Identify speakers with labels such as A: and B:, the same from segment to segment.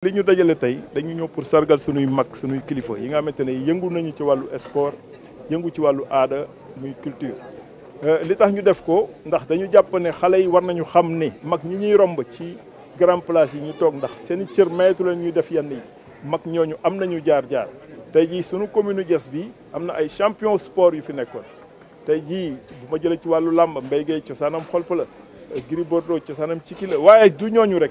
A: li ñu dajale tey dañu ñëw pour sargal suñuy mag suñuy kilifa yi nga xamante ne yëngu nañu ci wàllu sport yëngu ci wàllu aada muy culture euh, li tax ñu def ko ndax dañu jàpp ne xale yi war nañu xam ne mag ñi ñuy romb ci grand place yi ñu toog ndax seen i cër mayatu la ñuy def yenn yi mag ñooñu am nañu jaar-jaar tey jii suñu commune Diass bi am na ay champion sport yu fi nekkoon tey jii bu ma jëlee ci wàllu làmb mbéy gay cosaanam xolpa la Gris Bordeaux cosaanam ci ki la waaye du ñooñu rek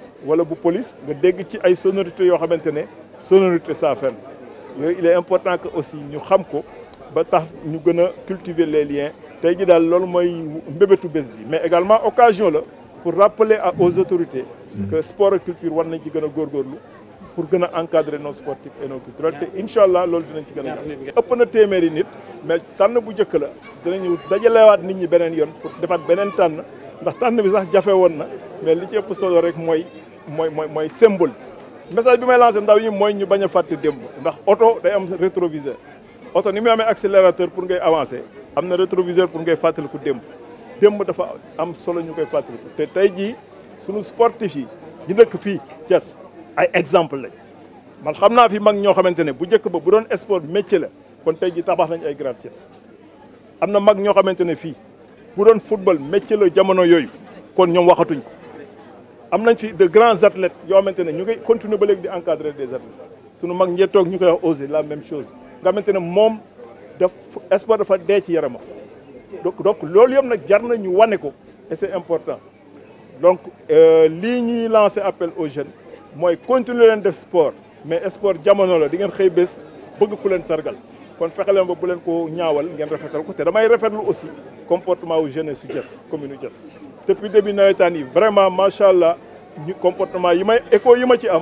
A: wala bu police nga dégg ci ay sonorités yoo xamante ne sonorité sans fin yooyu il est important que aussi ñu xam ko ba tax ñu gën cultiver les liens tey ji daal loolu mooy mbébétu bés bi mais également occasion la pour rappeler aux autorités mm. que sport et culture war nañ ci gën a góorgóorlu pour gën a encadrer nos sportifs et nos culturels te incha allah loolu dinañ ci gën a jàpp na téeméeri nit mais tànn bu njëkk la dinañu dajalewaat nit ñi beneen yoon pour defaat beneen tànn ndax tànn bi sax jafe woon mais li ci ëpp solo rek mooy mooy mooy mooy symbole message bi may lancé ndaw yi mooy ñu bañ a fàtte démb ndax oto day am rétroviseur oto ni muy amee accélérateur pour ngay avancer am na rétroviseur pour ngay fàttaliku démb démb dafa am solo ñu koy fàttaliku te tey jii sunu sportif yi ñu dëkk fii Thiès ay exemple lañ man xam naa fi mag ñoo xamante ne bu njëkk ba bu doon sport métier la kon tey ji tabax nañ ay gratte-ciel am na mag ñoo xamante ne fii bu doon football métier la jamono yooyu kon ñoom waxatuñ ko am nañ fi de grands athlètes yo xamante ñu ngi continuer ba léegi di encadrer des athlètes suñu mag ñe tok ñu koy wax osé la même chose nga maintenant, mom def espoir sport dafa dee ci yaramam donc donc loolu yëpp nag jar na ñu wane ko et c'est important donc euh, li ñuy lancer appel aux jeunes mooy continuer leen def sport mais sport jamono la di ngeen xëy bés bëgg ku leen sargal kon fexe leen ba bu leen ko ñaawal ngeen rafetal ko te damay rafetlu aussi comportement wu jeunesse su Diass commune u depuis début nawetaan yi vraiment macha allah ñu comportement yi may écho yi ma ci am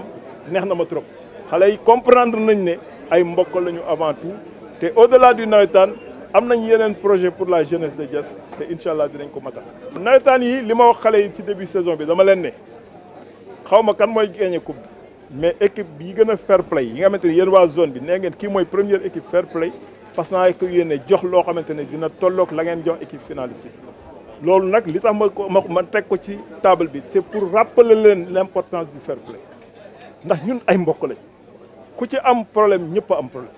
A: neex na ma trop xalé yi comprendre nañ ne ay mbokk lañu avant tout té au-delà du nawetaan am nañ yeneen projet pour la jeunesse de Diass té inshallah allah dinañ ko matal. nawetaan yi li ma wax xalé yi ci début saison bi dama len né xawma kan moy gagner coupe mais équipe bi gëna fair play yi nga xamante ne yéen waa zone bi né ngeen ki moy première équipe fair play fas naa ko yéene jox lo xamante dina tolok la ngeen jox équipe finaliste loolu nag li tax ma ko ma teg ko ci table bi c'est pour rappeler leen l'importance du fair play ndax ñun ay mbokk lañ ku ci am problème ñëpp am problème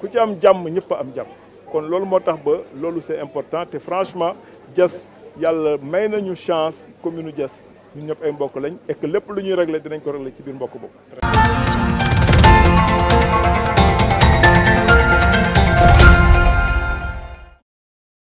A: ku ci am jàmm ñëpp a am jàmm kon loolu moo tax ba loolu c'est important te franchement Diass yàlla may nañu chance commune jees ñun ñëpp ay mbokk lañ et que lépp lu ñuy régler dinañ ko régler ci biir mbokk boobu.